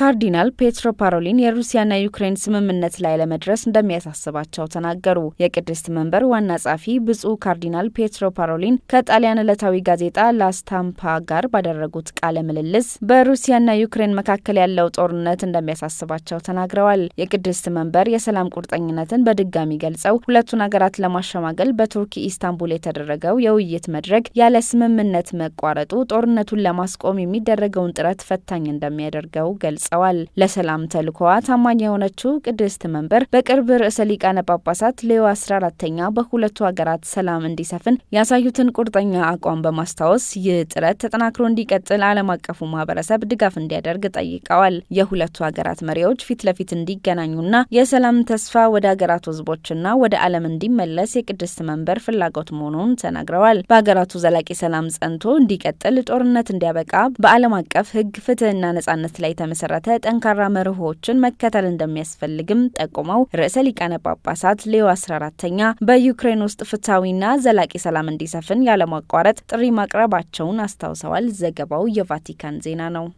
ካርዲናል ፔትሮ ፓሮሊን የሩሲያና ዩክሬን ስምምነት ላይ ለመድረስ እንደሚያሳስባቸው ተናገሩ። የቅድስት መንበር ዋና ጸሐፊ ብፁዕ ካርዲናል ፔትሮ ፓሮሊን ከጣሊያን ዕለታዊ ጋዜጣ ላስታምፓ ጋር ባደረጉት ቃለ ምልልስ በሩሲያና ዩክሬን መካከል ያለው ጦርነት እንደሚያሳስባቸው ተናግረዋል። የቅድስት መንበር የሰላም ቁርጠኝነትን በድጋሚ ገልጸው ሁለቱን ሀገራት ለማሸማገል በቱርኪ ኢስታንቡል የተደረገው የውይይት መድረክ ያለ ስምምነት መቋረጡ ጦርነቱን ለማስቆም የሚደረገውን ጥረት ፈታኝ እንደሚያደርገው ገልጸዋል። ገልጸዋል። ለሰላም ተልኮዋ ታማኝ የሆነችው ቅድስት መንበር በቅርብ ርዕሰ ሊቃነ ጳጳሳት ሌዮ 14ተኛ በሁለቱ ሀገራት ሰላም እንዲሰፍን ያሳዩትን ቁርጠኛ አቋም በማስታወስ ይህ ጥረት ተጠናክሮ እንዲቀጥል ዓለም አቀፉ ማህበረሰብ ድጋፍ እንዲያደርግ ጠይቀዋል። የሁለቱ ሀገራት መሪዎች ፊት ለፊት እንዲገናኙና የሰላም ተስፋ ወደ ሀገራቱ ህዝቦችና ወደ ዓለም እንዲመለስ የቅድስት መንበር ፍላጎት መሆኑን ተናግረዋል። በሀገራቱ ዘላቂ ሰላም ጸንቶ እንዲቀጥል፣ ጦርነት እንዲያበቃ፣ በዓለም አቀፍ ህግ ፍትህና ነጻነት ላይ ተመሰረተ የተመሰረተ ጠንካራ መርሆችን መከተል እንደሚያስፈልግም ጠቁመው ርዕሰ ሊቃነ ጳጳሳት ሌዮ 14ተኛ በዩክሬን ውስጥ ፍትሐዊና ዘላቂ ሰላም እንዲሰፍን ያለማቋረጥ ጥሪ ማቅረባቸውን አስታውሰዋል። ዘገባው የቫቲካን ዜና ነው።